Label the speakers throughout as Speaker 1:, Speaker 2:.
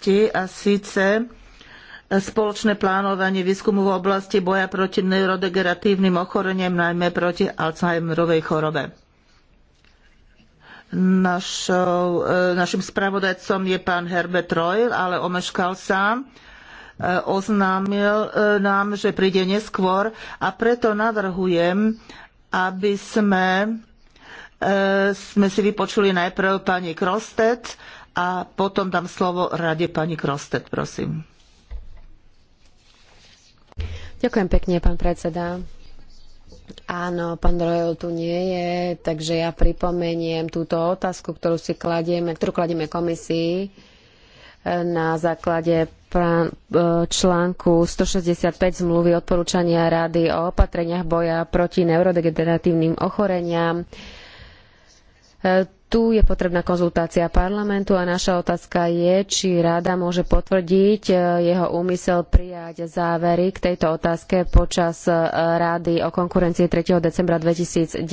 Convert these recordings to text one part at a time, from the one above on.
Speaker 1: oblasti a síce spoločné plánovanie výskumu v oblasti boja proti neurodegeneratívnym ochoreniam, najmä proti Alzheimerovej chorobe. Našou, e, našim spravodajcom je pán Herbert Royal, ale omeškal sa. E, oznámil e, nám, že príde neskôr a preto navrhujem, aby sme, sme si vypočuli najprv pani Krostet a potom dám slovo rade pani Krostet, prosím.
Speaker 2: Ďakujem pekne, pán predseda. Áno, pán Royal tu nie je, takže ja pripomeniem túto otázku, ktorú si kladieme, ktorú kladieme komisii e, na základe e, článku 165 zmluvy odporúčania Rady o opatreniach boja proti neurodegeneratívnym ochoreniam. E, tu je potrebná konzultácia parlamentu a naša otázka je, či rada môže potvrdiť e, jeho úmysel prijať závery k tejto otázke počas e, rády o konkurencii 3. decembra 2009,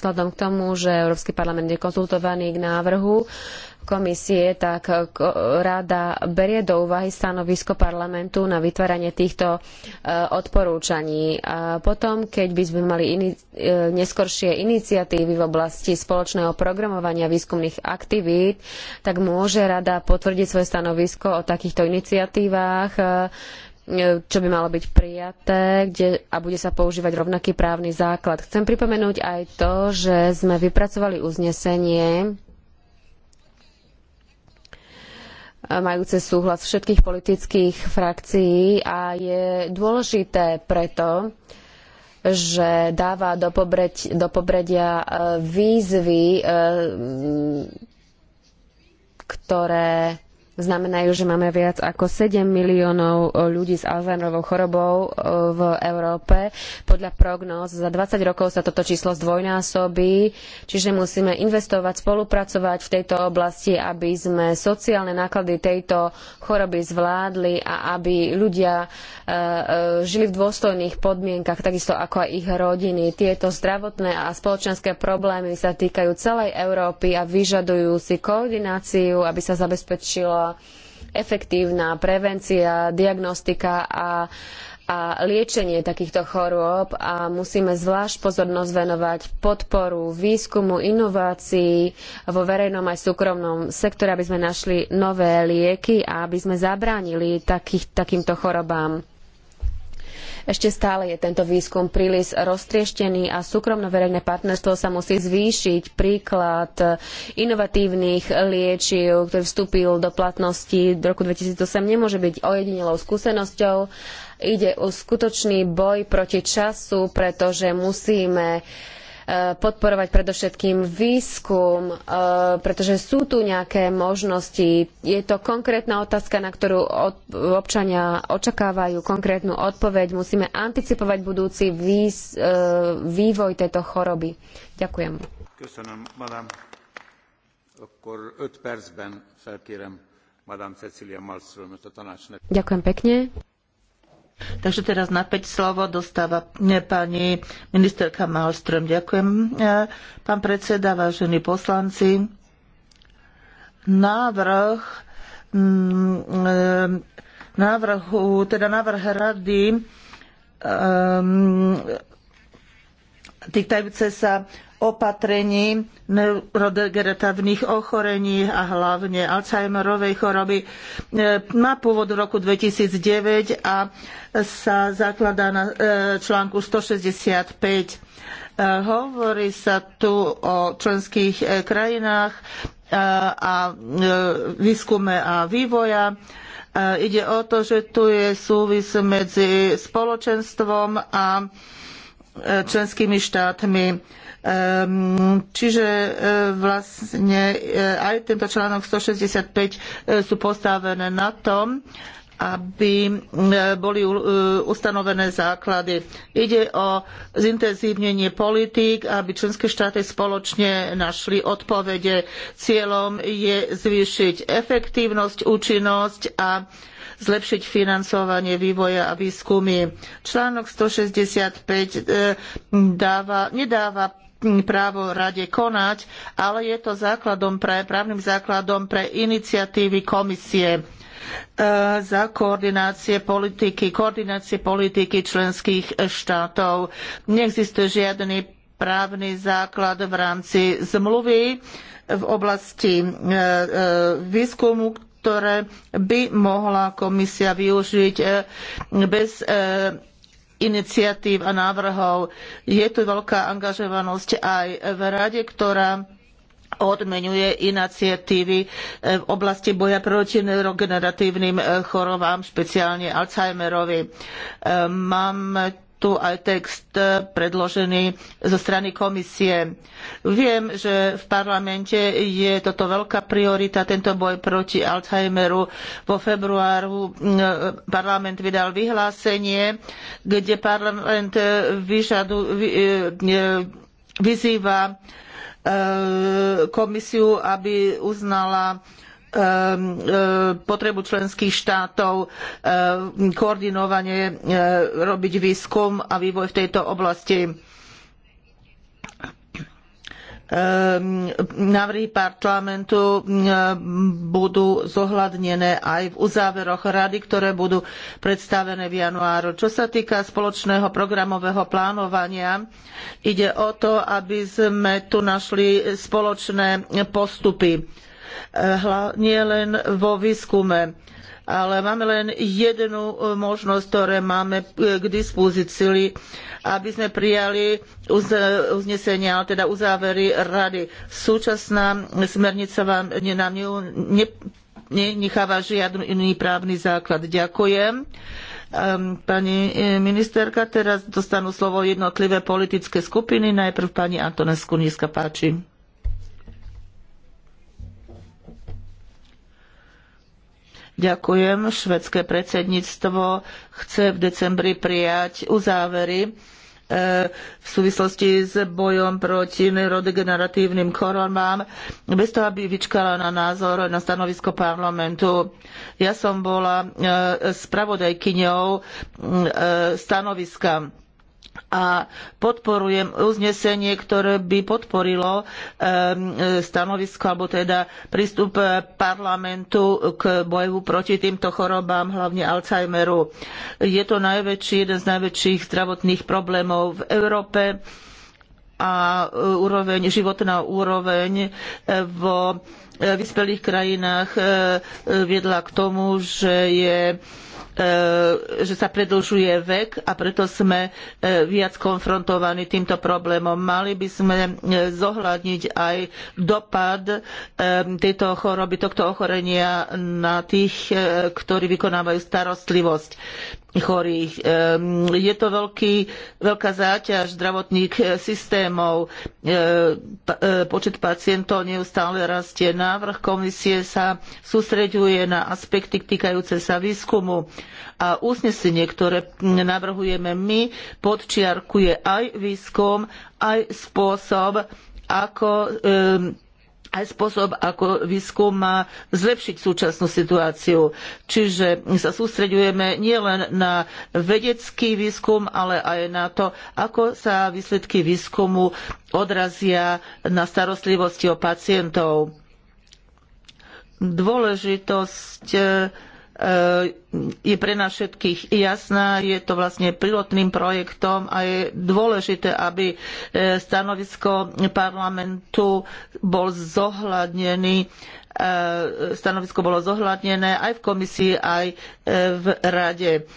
Speaker 2: vzhľadom k tomu, že Európsky parlament je konzultovaný k návrhu komisie, tak rada berie do úvahy stanovisko parlamentu na vytváranie týchto e, odporúčaní. A potom, keď by sme mali ini e, neskoršie iniciatívy v oblasti spoločného programovania výskumných aktivít, tak môže rada potvrdiť svoje stanovisko o takýchto iniciatívach e, čo by malo byť prijaté kde, a bude sa používať rovnaký právny základ. Chcem pripomenúť aj to, že sme vypracovali uznesenie majúce súhlas všetkých politických frakcií a je dôležité preto, že dáva do, pobreť, do pobredia e, výzvy, e, ktoré znamenajú, že máme viac ako 7 miliónov eh, ľudí s Alzheimerovou chorobou eh, v Európe. Podľa prognóz za 20 rokov sa toto číslo zdvojnásobí, čiže musíme investovať, spolupracovať v tejto oblasti, aby sme sociálne náklady tejto choroby zvládli a aby ľudia eh, žili v dôstojných podmienkach, takisto ako aj ich rodiny. Tieto zdravotné a spoločenské problémy sa týkajú celej Európy a vyžadujú si koordináciu, aby sa zabezpečila efektívna prevencia, diagnostika a, a liečenie takýchto chorôb a musíme zvlášť pozornosť venovať podporu výskumu, inovácií vo verejnom aj súkromnom sektore, aby sme našli nové lieky a aby sme zabránili takých, takýmto chorobám. Ešte stále je tento výskum príliš roztrieštený a súkromno-verejné partnerstvo sa musí zvýšiť. Príklad inovatívnych liečiv, ktorý vstúpil do platnosti v roku 2008, nemôže byť ojedinelou skúsenosťou. Ide o skutočný boj proti času, pretože musíme podporovať predovšetkým výskum, e, pretože sú tu nejaké možnosti. Je to konkrétna otázka, na ktorú občania očakávajú konkrétnu odpoveď. Musíme anticipovať budúci e, vývoj tejto choroby. Ďakujem.
Speaker 1: Ďakujem pekne. Takže teraz na 5 slovo dostáva pani ministerka Malström. Ďakujem, e, pán predseda, vážení poslanci. Návrh mm, e, návrhu, teda návrh rady um, týkajúce sa opatrení neurodegeneratívnych ochorení a hlavne Alzheimerovej choroby e, má pôvod v roku 2009 a sa zakladá na e, článku 165. E, hovorí sa tu o členských krajinách a výskume a vývoja. Ide o to, že tu je súvis medzi spoločenstvom a členskými štátmi Ehm, čiže e, vlastne e, aj tento článok 165 e, sú postavené na tom, aby boli ustanovené základy. Ide o zintenzívnenie politík, aby členské štáty spoločne našli odpovede. Cieľom je zvýšiť efektívnosť, účinnosť a zlepšiť financovanie vývoja a výskumy. Článok 165 dáva, nedáva právo rade konať, ale je to základom pre, právnym základom pre iniciatívy komisie e, za koordinácie politiky, koordinácie politiky členských štátov. Neexistuje žiadny právny základ v rámci zmluvy v oblasti e, e, výskumu, ktoré by mohla komisia využiť bez iniciatív a návrhov. Je tu veľká angažovanosť aj v rade, ktorá odmenuje iniciatívy v oblasti boja proti neurogeneratívnym chorobám, špeciálne Alzheimerovi. Ehm, mám tu aj text e, predložený zo strany komisie. Viem, že v parlamente je toto veľká priorita, tento boj proti Alzheimeru. Vo februáru e, parlament vydal vyhlásenie, kde parlament vyžadu, e, vyzýva komisiu, aby uznala Um, uh, potrebu členských štátov uh, koordinovane uh, robiť výskum a vývoj v tejto oblasti. Um, návrhy parlamentu um, budú zohľadnené aj v uzáveroch rady, ktoré budú predstavené v januáru. Čo sa týka spoločného programového plánovania, ide o to, aby sme tu našli spoločné postupy Eh, nie len vo výskume ale máme len jednu eh, možnosť, ktoré máme eh, k dispozícii, aby sme prijali uznesenia, teda uzávery rady. Súčasná smernica vám nám nenecháva žiadny právny základ. Ďakujem. Ehm, pani ministerka, teraz dostanú slovo jednotlivé politické skupiny. Najprv pani Antonescu, nízka páči. Ďakujem. Švedské predsedníctvo chce v decembri prijať uzávery e, v súvislosti s bojom proti neurodegeneratívnym chorobám, bez toho, aby vyčkala na názor, na stanovisko parlamentu. Ja som bola e, spravodajkyňou e, stanoviska a podporujem uznesenie, ktoré by podporilo stanovisko alebo teda prístup eh, parlamentu k boju proti týmto chorobám, hlavne Alzheimeru. Je to najväčší, jeden z najväčších zdravotných problémov v Európe a eh, úroveň, životná úroveň eh, vo vyspelých krajinách viedla k tomu, že je E, že sa predlžuje vek a preto sme e, viac konfrontovaní týmto problémom. Mali by sme e, zohľadniť aj dopad tejto choroby, tohto ochorenia na tých, ktorí vykonávajú starostlivosť chorých. Je to veľký, veľká záťaž zdravotných eh, systémov. Eh, eh, počet pacientov neustále rastie. Návrh komisie sa sústreďuje na aspekty týkajúce sa výskumu a uznesenie, ktoré navrhujeme my, podčiarkuje aj výskum, aj spôsob, ako aj spôsob, ako výskum má zlepšiť súčasnú situáciu. Čiže sa sústreďujeme nielen na vedecký výskum, ale aj na to, ako sa výsledky výskumu odrazia na starostlivosti o pacientov. Dôležitosť E, je pre nás všetkých jasná, je to vlastne pilotným projektom a je dôležité, aby e, stanovisko parlamentu bol zohľadnený e, stanovisko bolo zohľadnené aj v komisii, aj v rade.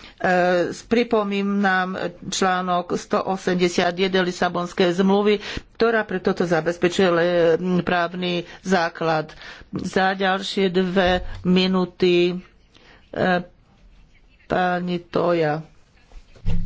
Speaker 1: Pripomínam článok 181 Lisabonskej zmluvy, ktorá pre toto zabezpečuje právny základ. Za ďalšie dve minúty E, pani Toja.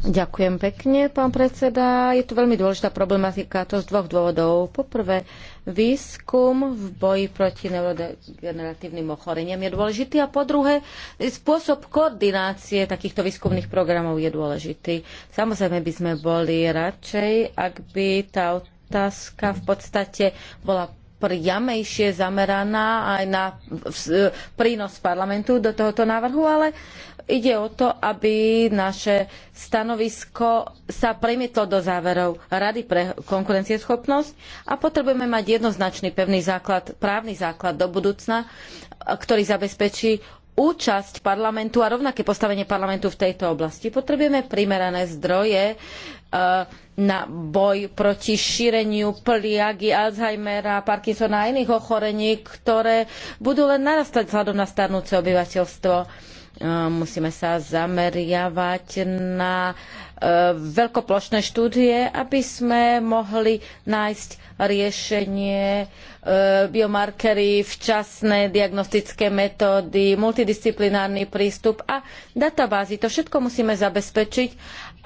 Speaker 1: Ďakujem pekne,
Speaker 3: pán predseda. Je tu veľmi dôležitá problematika, to z dvoch dôvodov. Poprvé, výskum v boji proti neurodegeneratívnym ochoreniam je dôležitý a po druhé, spôsob koordinácie takýchto výskumných programov je dôležitý. Samozrejme by sme boli radšej, ak by tá otázka v podstate bola priamejšie zameraná aj na prínos parlamentu do tohoto návrhu, ale ide o to, aby naše stanovisko sa premietlo do záverov Rady pre konkurencieschopnosť a potrebujeme mať jednoznačný pevný základ, právny základ do budúcna, ktorý zabezpečí účasť parlamentu a rovnaké postavenie parlamentu v tejto oblasti. Potrebujeme primerané zdroje Eh, na boj proti šíreniu pliagy, Alzheimera, Parkinsona a iných ochorení, ktoré budú len narastať vzhľadom na starnúce obyvateľstvo eh, musíme sa zameriavať na eh, veľkoplošné štúdie, aby sme mohli nájsť riešenie, biomarkery, včasné diagnostické metódy, multidisciplinárny prístup a databázy. To všetko musíme zabezpečiť,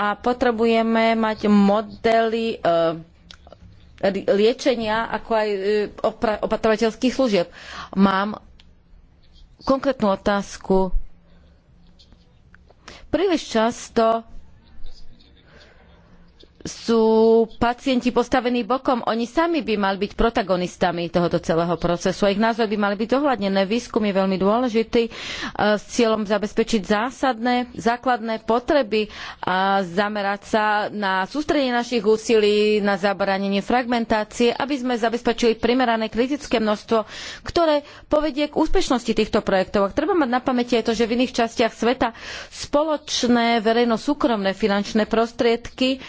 Speaker 3: a potrebujeme mať modely eh, liečenia, ako aj eh, opatrovateľských služieb. Mám konkrétnu otázku. Príliš často sú pacienti postavení bokom. Oni sami by mali byť protagonistami tohoto celého procesu. A ich názory by mali byť dohľadnené. Výskum je veľmi dôležitý e, s cieľom zabezpečiť zásadné, základné potreby a zamerať sa na sústredenie našich úsilí, na zabranenie fragmentácie, aby sme zabezpečili primerané kritické množstvo, ktoré povedie k úspešnosti týchto projektov. treba mať na pamäti aj to, že v iných častiach sveta spoločné verejno-súkromné finančné prostriedky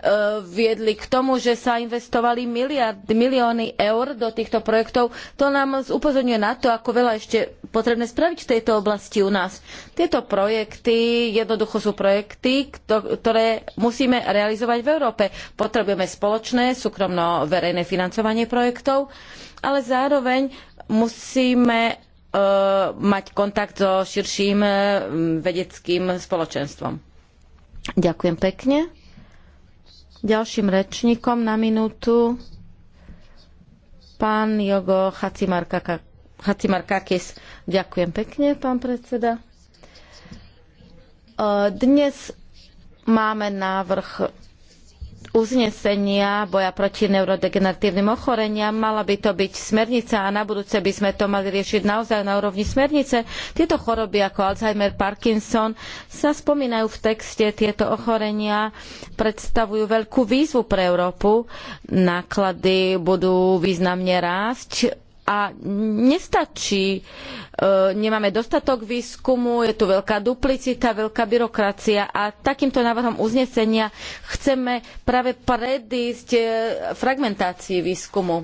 Speaker 3: Eh, viedli k tomu, že sa investovali miliard, milióny eur do týchto projektov. To nám upozorňuje na to, ako veľa ešte potrebné spraviť v tejto oblasti u nás. Tieto projekty jednoducho sú projekty, ktoré musíme realizovať v Európe. Potrebujeme spoločné súkromno-verejné financovanie projektov, ale zároveň musíme eh, mať kontakt so širším eh, vedeckým spoločenstvom. Ďakujem pekne. Ďalším rečníkom na minútu pán Jogo Hacimarkakis. Ďakujem pekne, pán predseda. E, dnes máme návrh uznesenia boja proti neurodegeneratívnym ochoreniam. Mala by to byť smernica a na budúce by sme to mali riešiť naozaj na úrovni smernice. Tieto choroby ako Alzheimer, Parkinson sa spomínajú v texte. Tieto ochorenia predstavujú veľkú výzvu pre Európu. Náklady budú významne rásť a nestačí. E, nemáme dostatok výskumu, je tu veľká duplicita, veľká byrokracia a takýmto návrhom uznesenia chceme práve predísť e, fragmentácii výskumu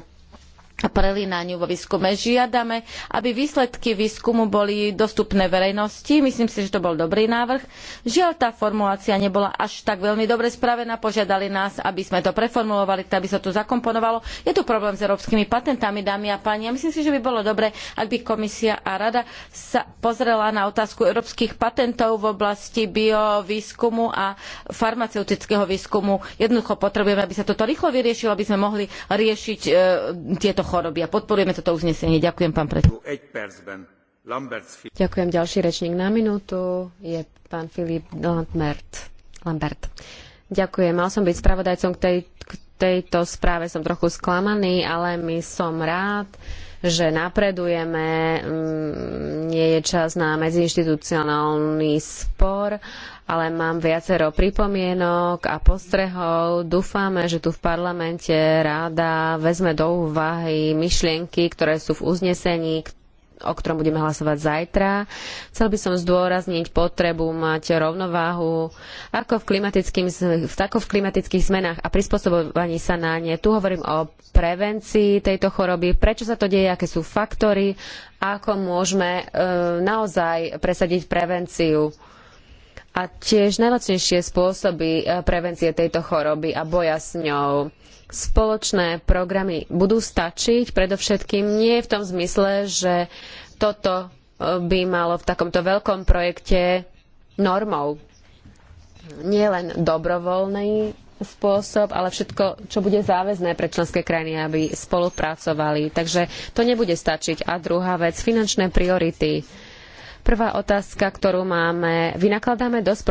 Speaker 3: a prelínaniu vo výskume. Žiadame, aby výsledky výskumu boli dostupné verejnosti. Myslím si, že to bol dobrý návrh. Žiaľ, tá formulácia nebola až tak veľmi dobre spravená. Požiadali nás, aby sme to preformulovali, aby sa to zakomponovalo. Je tu problém s európskymi patentami, dámy a páni. A myslím si, že by bolo dobre, ak by komisia a rada sa pozrela na otázku európskych patentov v oblasti biovýskumu a farmaceutického výskumu. Jednoducho potrebujeme, aby sa toto rýchlo vyriešilo, aby sme mohli riešiť e, tieto choroby a podporujeme toto uznesenie. Ďakujem, pán predseda. Ďakujem. Ďalší rečník na
Speaker 2: minútu je pán Filip Lambert. Lambert. Ďakujem. Mal som byť spravodajcom k, tej, k tejto správe. Som trochu sklamaný, ale my som rád, že napredujeme, mm, nie je čas na medziinštitucionálny spor, ale mám viacero pripomienok a postrehov. Dúfame, že tu v parlamente ráda vezme do úvahy myšlienky, ktoré sú v uznesení, o ktorom budeme hlasovať zajtra. Chcel by som zdôrazniť potrebu mať rovnováhu ako v, klimatickým, ako v klimatických zmenách a prispôsobovaní sa na ne. Tu hovorím o prevencii tejto choroby, prečo sa to deje, aké sú faktory, ako môžeme e, naozaj presadiť prevenciu a tiež najlacnejšie spôsoby e, prevencie tejto choroby a boja s ňou. Spoločné programy budú stačiť, predovšetkým nie v tom zmysle, že toto e, by malo v takomto veľkom projekte normou. Nie len dobrovoľný spôsob, ale všetko, čo bude záväzné pre členské krajiny, aby spolupracovali. Takže to nebude stačiť. A druhá vec, finančné priority Prvá otázka, ktorú máme. Vynakladáme dosť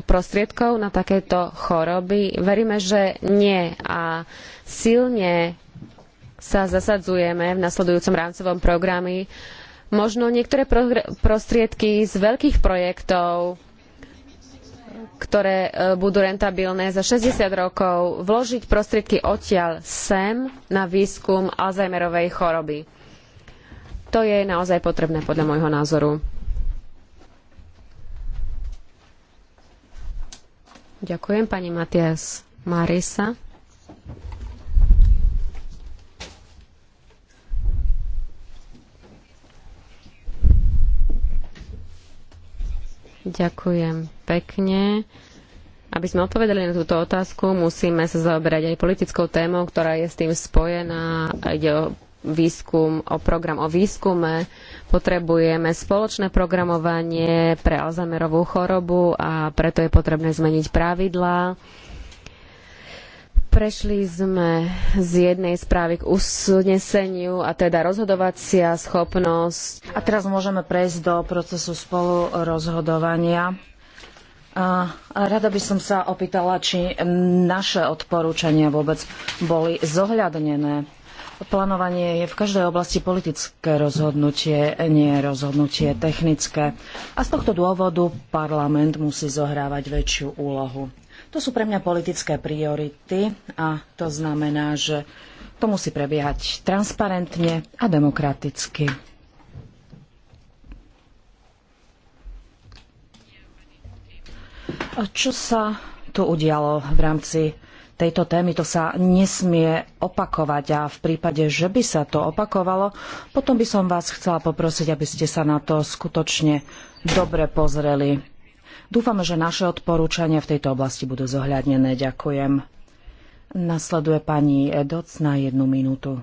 Speaker 2: prostriedkov na takéto choroby? Veríme, že nie. A silne sa zasadzujeme v nasledujúcom rámcovom programe. Možno niektoré prostriedky z veľkých projektov ktoré e, budú rentabilné za 60 rokov, vložiť prostriedky odtiaľ sem na výskum Alzheimerovej choroby to je naozaj potrebné podľa môjho názoru. Ďakujem pani Matias Marisa. Ďakujem pekne. Aby sme odpovedali na túto otázku, musíme sa zaoberať aj politickou témou, ktorá je s tým spojená. Ide o výskum, o program o výskume, potrebujeme spoločné programovanie pre Alzheimerovú chorobu a preto je potrebné zmeniť pravidlá. Prešli sme z jednej správy k usneseniu
Speaker 4: a teda rozhodovacia schopnosť. A teraz môžeme prejsť do procesu spolurozhodovania. rada by som sa opýtala, či naše odporúčania vôbec boli zohľadnené Plánovanie je v každej oblasti politické rozhodnutie, nie rozhodnutie technické. A z tohto dôvodu parlament musí zohrávať väčšiu úlohu. To sú pre mňa politické priority a to znamená, že to musí prebiehať transparentne a demokraticky. Čo sa tu udialo v rámci tejto témy. To sa nesmie opakovať a v prípade, že by sa to opakovalo, potom by som vás chcela poprosiť, aby ste sa na to skutočne dobre pozreli. Dúfam, že naše odporúčania v tejto oblasti budú zohľadnené. Ďakujem. Nasleduje pani Edoc na jednu minútu.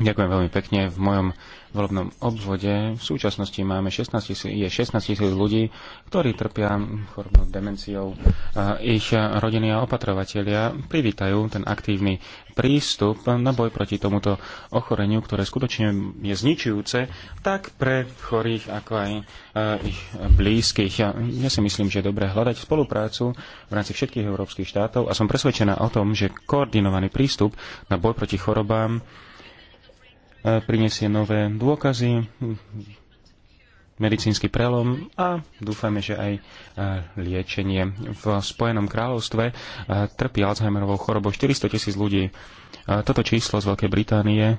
Speaker 5: Ďakujem veľmi pekne. V mojom volebnom obvode v súčasnosti máme 16 tisíc, je 16 tisíc ľudí, ktorí trpia chorobnou demenciou. E, ich rodiny a opatrovatelia privítajú ten aktívny prístup na boj proti tomuto ochoreniu, ktoré skutočne je zničujúce tak pre chorých, ako aj e, ich blízkych. Ja, ja si myslím, že je dobré hľadať spoluprácu v rámci všetkých európskych štátov a som presvedčená o tom, že koordinovaný prístup na boj proti chorobám E, prinesie nové dôkazy, medicínsky prelom a dúfame, že aj e, liečenie. V Spojenom kráľovstve e, trpí Alzheimerovou chorobou 400 tisíc ľudí. Toto číslo z Veľkej Británie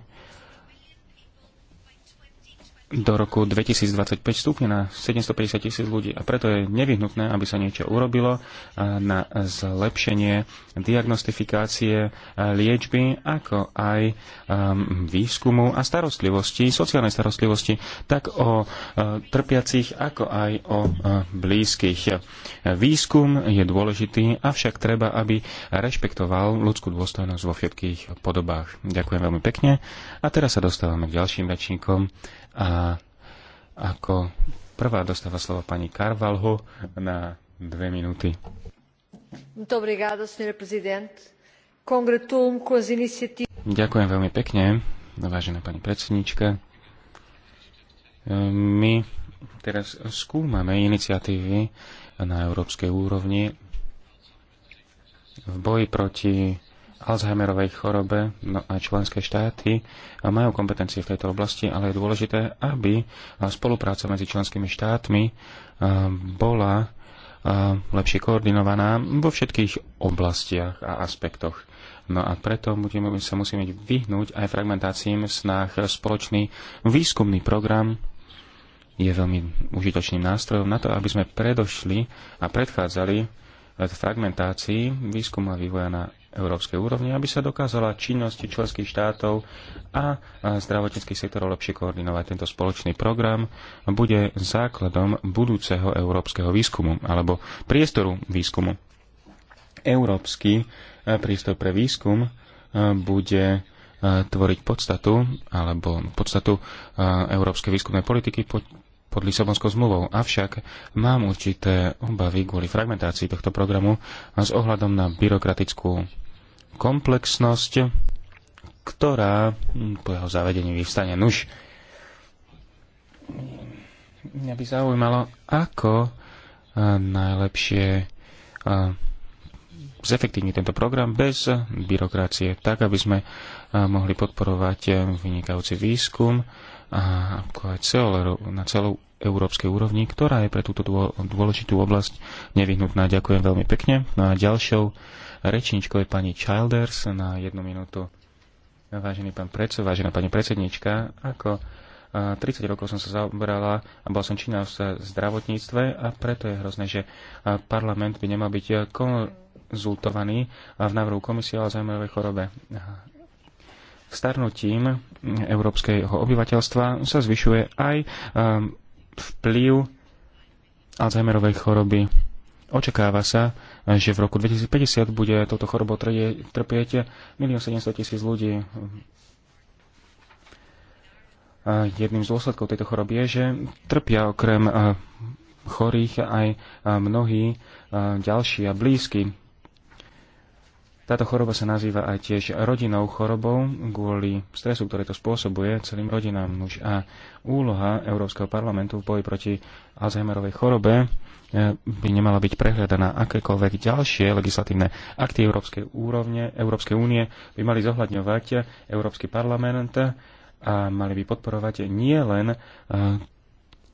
Speaker 5: do roku 2025 stúpne na 750 tisíc ľudí a preto je nevyhnutné, aby sa niečo urobilo na zlepšenie diagnostifikácie liečby, ako aj um, výskumu a starostlivosti, sociálnej starostlivosti, tak o trpiacich, ako aj o blízkych. Výskum je dôležitý, avšak treba, aby rešpektoval ľudskú dôstojnosť vo všetkých podobách. Ďakujem veľmi pekne a teraz sa dostávame k ďalším rečníkom. A ako prvá dostáva slovo pani Karvalho na dve minúty. Ďakujem veľmi pekne, vážená pani predsednička. E, my teraz skúmame iniciatívy na európskej úrovni v boji proti Alzheimerovej chorobe, no a členské štáty majú kompetencie v tejto oblasti, ale je dôležité, aby spolupráca medzi členskými štátmi eh, bola eh, lepšie koordinovaná vo všetkých oblastiach a aspektoch. No a preto budeme, sa musíme vyhnúť aj fragmentáciím v snách. Spoločný výskumný program je veľmi užitočným nástrojom na to, aby sme predošli a predchádzali fragmentácii výskumu a vývoja na európskej úrovni, aby sa dokázala činnosti členských štátov a zdravotníckých sektorov lepšie koordinovať. Tento spoločný program bude základom budúceho európskeho výskumu alebo priestoru výskumu. Európsky e, priestor pre výskum e, bude e, tvoriť podstatu alebo podstatu európskej výskumnej politiky pod Lisabonskou zmluvou. Avšak mám určité obavy kvôli fragmentácii tohto programu a s ohľadom na byrokratickú komplexnosť, ktorá po jeho zavedení vyvstane nuž. Mňa by zaujímalo, ako najlepšie zefektívniť tento program bez byrokracie, tak aby sme mohli podporovať e, vynikajúci výskum a cel, na celú európskej úrovni, ktorá je pre túto dôležitú oblasť nevyhnutná. Ďakujem veľmi pekne. No a ďalšou rečničkou je pani Childers na jednu minútu. Vážený pán predsed, vážená pani predsednička, ako 30 rokov som sa zaoberala a bola som činná v zdravotníctve a preto je hrozné, že parlament by nemal byť konzultovaní v návrhu komisie o Alzheimerovej chorobe. K starnutím európskeho obyvateľstva sa zvyšuje aj ehm, vplyv Alzheimerovej choroby. Očakáva sa, že v roku 2050 bude touto chorobou trpieť 1 700 tisíc ľudí. Jedným z dôsledkov tejto choroby je, že trpia okrem ehm, chorých aj ehm, mnohí ďalší a blízky. Táto choroba sa nazýva aj tiež rodinou chorobou kvôli stresu, ktoré to spôsobuje celým rodinám. už. a úloha Európskeho parlamentu v boji proti Alzheimerovej chorobe e, by nemala byť prehľadaná akékoľvek ďalšie legislatívne akty Európskej, úrovne, Európskej únie by mali zohľadňovať Európsky parlament a mali by podporovať nie len e,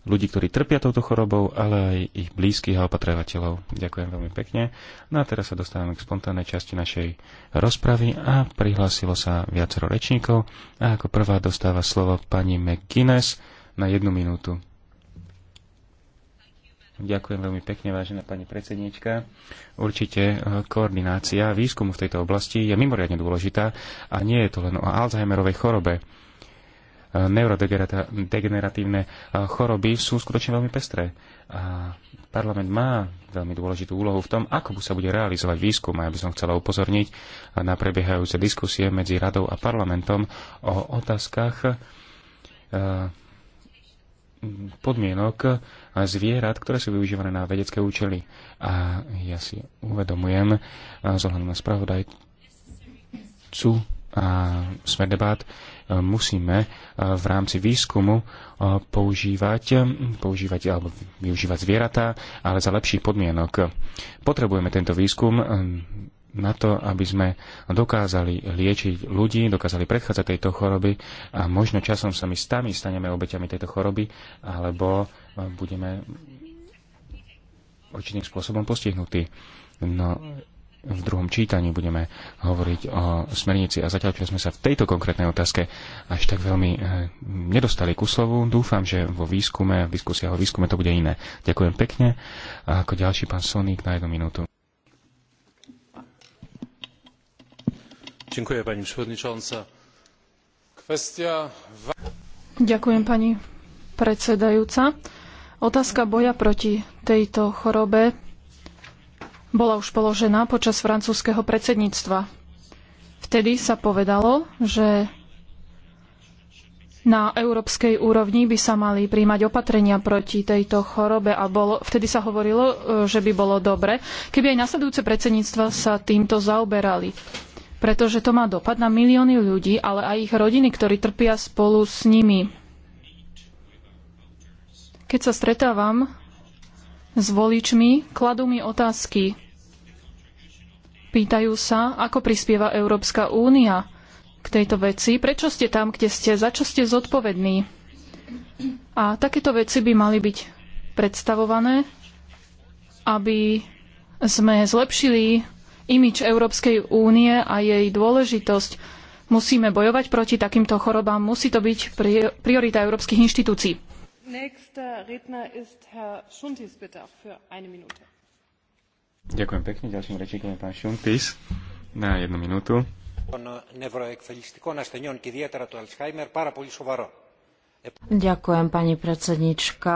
Speaker 5: ľudí, ktorí trpia touto chorobou, ale aj ich blízkych a opatrovateľov. Ďakujem veľmi pekne. No a teraz sa dostávame k spontánnej časti našej rozpravy a prihlásilo sa viacero rečníkov. A ako prvá dostáva slovo pani McGuinness na jednu minútu. Ďakujem veľmi pekne, vážená pani predsedníčka. Určite eh, koordinácia výskumu v tejto oblasti je mimoriadne dôležitá a nie je to len o Alzheimerovej chorobe neurodegeneratívne eh, choroby sú skutočne veľmi pestré. A parlament má veľmi dôležitú úlohu v tom, ako sa bude realizovať výskum. A ja by som chcela upozorniť na prebiehajúce diskusie medzi radou a parlamentom o otázkach eh, podmienok zvierat, ktoré sú využívané na vedecké účely. A ja si uvedomujem, eh, zohľadom na spravodajcu a sme debát, musíme eh, v rámci výskumu eh, používať, eh, používať alebo využívať zvieratá, ale za lepších podmienok. Potrebujeme tento výskum na to, aby sme dokázali liečiť ľudí, dokázali predchádzať tejto choroby a možno časom sa my sami staneme obeťami tejto choroby alebo budeme určitým spôsobom postihnutí. No, v druhom čítaní budeme hovoriť o smernici a zatiaľ, čo sme sa v tejto konkrétnej otázke až tak veľmi eh, nedostali ku slovu, dúfam, že vo výskume, v diskusiách o výskume to bude iné. Ďakujem pekne. A ako ďalší pán Soník na jednu minútu. Ďakujem, pani przewodnicząca.
Speaker 4: Kvestia...
Speaker 6: Ďakujem, pani predsedajúca. Otázka boja proti tejto chorobe bola už položená počas francúzskeho predsedníctva. Vtedy sa povedalo, že na európskej úrovni by sa mali príjmať opatrenia proti tejto chorobe a bolo, vtedy sa hovorilo, e, že by bolo dobre, keby aj nasledujúce predsedníctva sa týmto zaoberali. Pretože to má dopad na milióny ľudí, ale aj ich rodiny, ktorí trpia spolu s nimi. Keď sa stretávam s voličmi, kladú mi otázky. Pýtajú sa, ako prispieva Európska únia k tejto veci, prečo ste tam, kde ste, za čo ste zodpovední. A takéto veci by mali byť predstavované, aby sme zlepšili imič Európskej únie a jej dôležitosť. Musíme bojovať proti takýmto chorobám, musí to byť priorita európskych inštitúcií. Nächster Redner ist Herr Schuntis, bitte auch für eine Minute.
Speaker 5: Ďakujem pekne. Ďalším rečníkom je pán Šuntis na jednu minútu.
Speaker 4: Ďakujem, pani predsednička.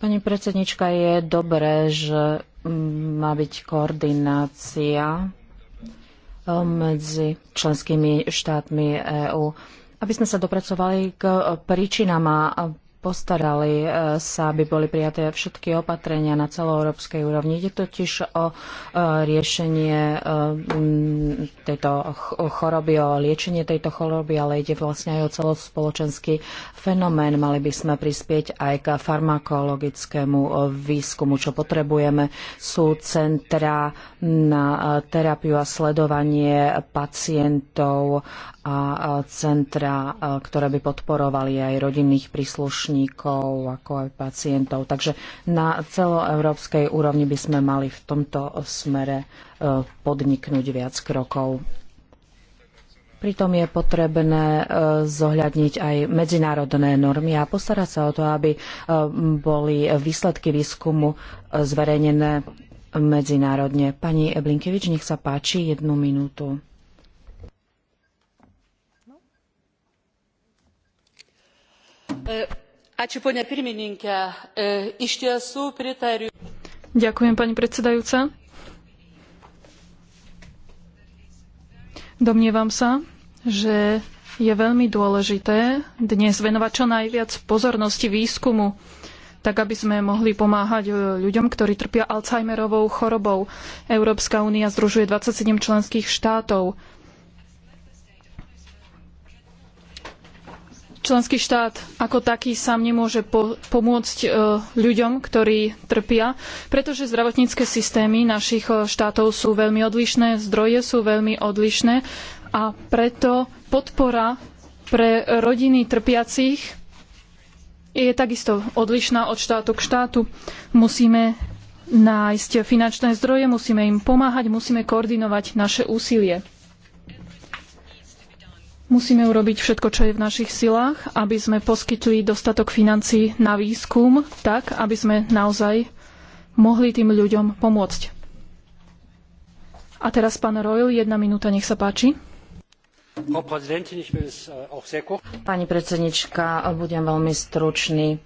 Speaker 4: Pani predsednička, je dobré, že má byť koordinácia medzi členskými štátmi EÚ aby sme sa dopracovali k príčinám a postarali e, sa, aby boli prijaté všetky opatrenia na celoeurópskej úrovni. Ide totiž o e, riešenie e, tejto choroby, o liečenie tejto choroby, ale ide vlastne aj o celospoločenský fenomén. Mali by sme prispieť aj k farmakologickému výskumu. Čo potrebujeme sú centra na terapiu a sledovanie pacientov a centra, ktoré by podporovali aj rodinných príslušníkov, ako aj pacientov. Takže na celoeurópskej úrovni by sme mali v tomto smere e, podniknúť viac krokov. Pritom je potrebné e, zohľadniť aj medzinárodné normy a postarať sa o to, aby e, boli výsledky výskumu zverejnené medzinárodne. Pani Eblinkevič, nech sa páči jednu minútu.
Speaker 6: E, e, Ďakujem, pani predsedajúca. Domnievam sa, že je veľmi dôležité dnes venovať čo najviac pozornosti výskumu, tak aby sme mohli pomáhať e, ľuďom, ktorí trpia Alzheimerovou chorobou. Európska únia združuje seven členských štátov. členský štát ako taký sám nemôže po, pomôcť e, ľuďom, ktorí trpia, pretože zdravotnícke systémy našich e, štátov sú veľmi odlišné, zdroje sú veľmi odlišné a preto podpora pre rodiny trpiacich je takisto odlišná od štátu k štátu. Musíme nájsť finančné zdroje, musíme im pomáhať, musíme koordinovať naše úsilie. Musíme urobiť všetko, čo je v našich silách, aby sme poskytli dostatok financií na výskum, tak, aby sme naozaj mohli tým ľuďom pomôcť. A teraz pán Royal, jedna minúta, nech sa páči.
Speaker 2: Äh,
Speaker 4: Pani predsednička, budem veľmi stručný.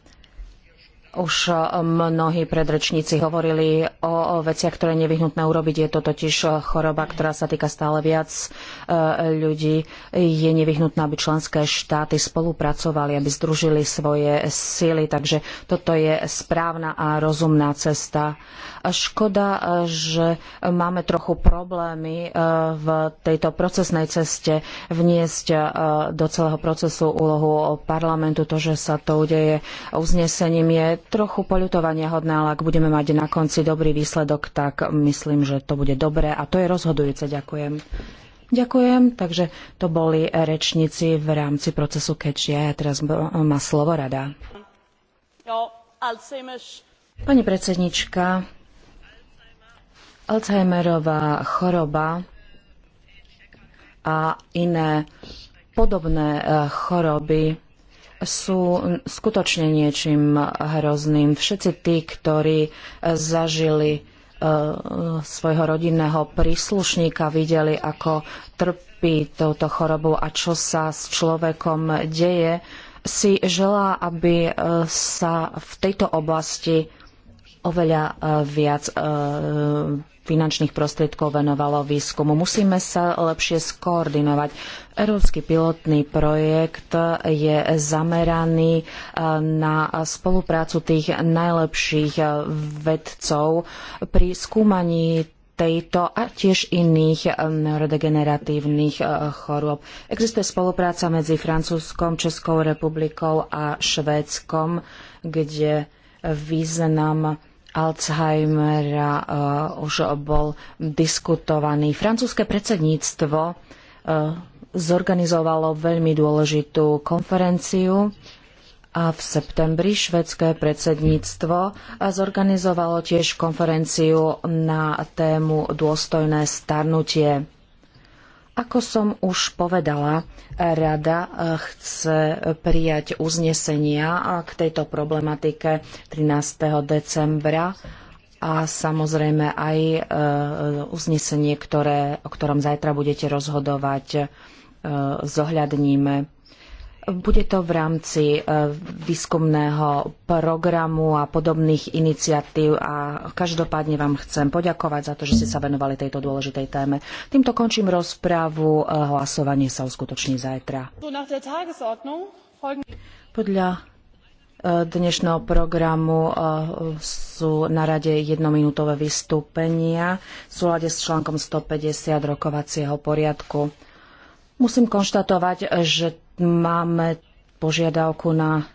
Speaker 4: Už e, mnohí predrečníci hovorili o veciach, ktoré je nevyhnutné urobiť. Je to totiž e, choroba, ktorá sa týka stále viac e, ľudí. Je nevyhnutné, aby členské štáty spolupracovali, aby združili svoje sily. Takže toto je správna a rozumná cesta. Škoda, že máme trochu problémy v tejto procesnej ceste vniesť do celého procesu úlohu parlamentu. To, že sa to udeje uznesením, je trochu poľutovania hodné, ale ak budeme mať na konci dobrý výsledok, tak myslím, že to bude dobré a to je rozhodujúce. Ďakujem. Ďakujem, takže to boli rečníci v rámci procesu Kečia. Ja teraz má slovo rada. No, Pani predsednička, Alzheimerová choroba a iné podobné eh, choroby sú skutočne niečím hrozným. Všetci tí, ktorí e, zažili e, svojho rodinného príslušníka, videli, ako trpí touto chorobou a čo sa s človekom deje, si želá, aby e, sa v tejto oblasti oveľa e, viac e, finančných prostriedkov venovalo výskumu. Musíme sa lepšie skoordinovať. Európsky pilotný projekt je zameraný e, na spoluprácu tých najlepších vedcov pri skúmaní tejto a tiež iných neurodegeneratívnych chorôb. Existuje spolupráca medzi Francúzskom, Českou republikou a Švédskom, kde význam Alzheimera eh, už bol diskutovaný. Francúzske predsedníctvo eh, zorganizovalo veľmi dôležitú konferenciu a v septembri švedské predsedníctvo eh, zorganizovalo tiež konferenciu na tému dôstojné starnutie. Ako som už povedala, rada e, chce prijať uznesenia k tejto problematike 13. decembra a samozrejme aj e, uznesenie, ktoré, o ktorom zajtra budete rozhodovať, e, zohľadníme bude to v rámci e, výskumného programu a podobných iniciatív a každopádne vám chcem poďakovať za to, že ste sa venovali tejto dôležitej téme. Týmto končím rozprávu. E, hlasovanie sa uskutoční zajtra. Podľa e, dnešného programu sú na rade jednominútové vystúpenia v súlade s článkom 150 rokovacieho poriadku. Musím konštatovať, že máme požiadavku na